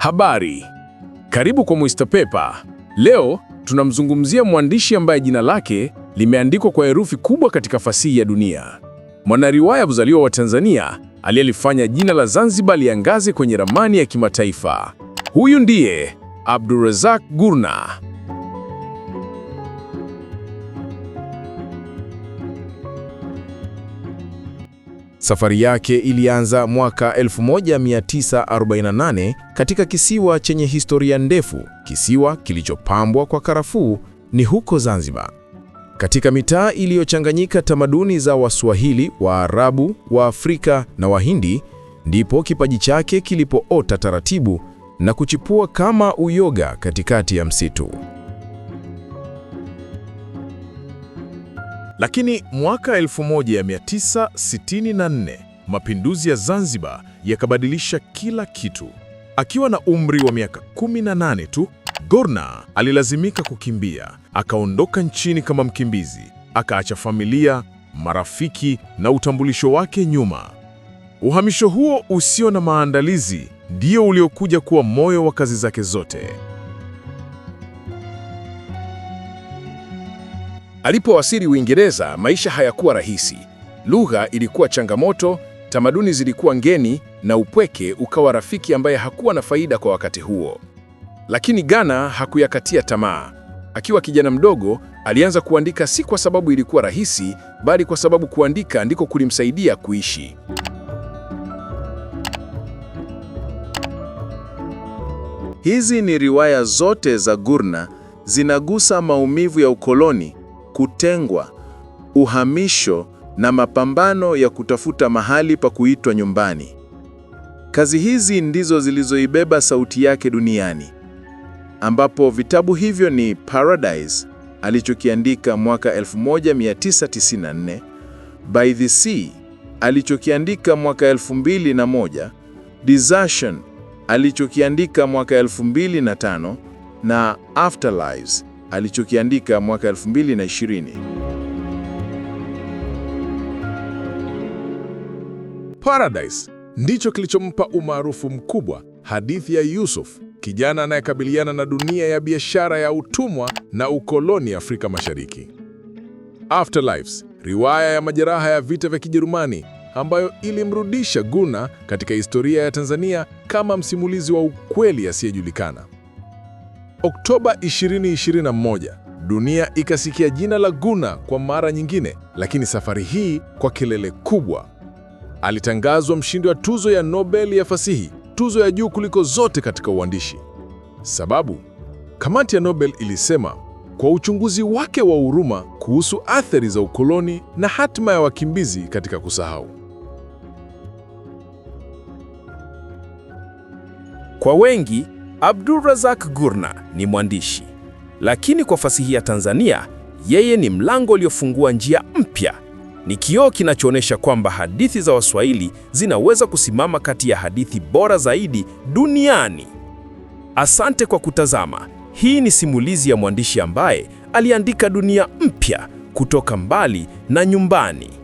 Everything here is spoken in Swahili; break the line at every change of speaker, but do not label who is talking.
Habari, karibu kwa Mr. Pepper. Leo tunamzungumzia mwandishi ambaye jina lake limeandikwa kwa herufi kubwa katika fasihi ya dunia, mwanariwaya mzaliwa wa Tanzania aliyelifanya jina la Zanzibar liangaze kwenye ramani ya kimataifa. Huyu ndiye Abdulrazak Gurnah. Safari yake ilianza mwaka 1948 katika kisiwa chenye historia ndefu, kisiwa kilichopambwa kwa karafuu ni huko Zanzibar. Katika mitaa iliyochanganyika tamaduni za Waswahili, Waarabu, Waafrika na Wahindi, ndipo kipaji chake kilipoota taratibu na kuchipua kama uyoga katikati ya msitu. Lakini mwaka 1964 mapinduzi ya Zanzibar yakabadilisha kila kitu. Akiwa na umri wa miaka 18 tu, Gorna alilazimika kukimbia, akaondoka nchini kama mkimbizi, akaacha familia, marafiki na utambulisho wake nyuma. Uhamisho huo usio na maandalizi ndio uliokuja kuwa moyo wa kazi zake zote. Alipowasili Uingereza, maisha hayakuwa rahisi. Lugha ilikuwa changamoto, tamaduni zilikuwa ngeni, na upweke ukawa rafiki ambaye hakuwa na faida kwa wakati huo. Lakini Ghana hakuyakatia tamaa. Akiwa kijana mdogo, alianza kuandika, si kwa sababu ilikuwa rahisi, bali kwa sababu kuandika ndiko kulimsaidia kuishi.
Hizi ni riwaya zote za Gurna, zinagusa maumivu ya ukoloni, kutengwa, uhamisho na mapambano ya kutafuta mahali pa kuitwa nyumbani. Kazi hizi ndizo zilizoibeba sauti yake duniani, ambapo vitabu hivyo ni Paradise alichokiandika mwaka 1994, By the Sea alichokiandika mwaka 2001, Desertion alichokiandika mwaka 2005 na Afterlives alichokiandika mwaka 2020.
Paradise ndicho kilichompa umaarufu mkubwa hadithi ya Yusuf, kijana anayekabiliana na dunia ya biashara ya utumwa na ukoloni Afrika Mashariki. Afterlives, riwaya ya majeraha ya vita vya Kijerumani ambayo ilimrudisha Guna katika historia ya Tanzania kama msimulizi wa ukweli asiyejulikana. Oktoba 2021 dunia ikasikia jina la Guna kwa mara nyingine, lakini safari hii kwa kelele kubwa. Alitangazwa mshindi wa tuzo ya Nobel ya fasihi, tuzo ya juu kuliko zote katika uandishi. Sababu, kamati ya Nobel ilisema kwa uchunguzi wake wa huruma kuhusu athari za ukoloni na hatima ya wakimbizi katika kusahau. Kwa wengi Abdulrazak Gurna ni mwandishi, lakini kwa fasihi ya Tanzania yeye ni mlango uliofungua njia mpya. Ni kioo kinachoonyesha kwamba hadithi za Waswahili zinaweza kusimama kati ya hadithi bora zaidi duniani. Asante kwa kutazama. Hii ni simulizi ya mwandishi ambaye aliandika dunia mpya kutoka mbali na nyumbani.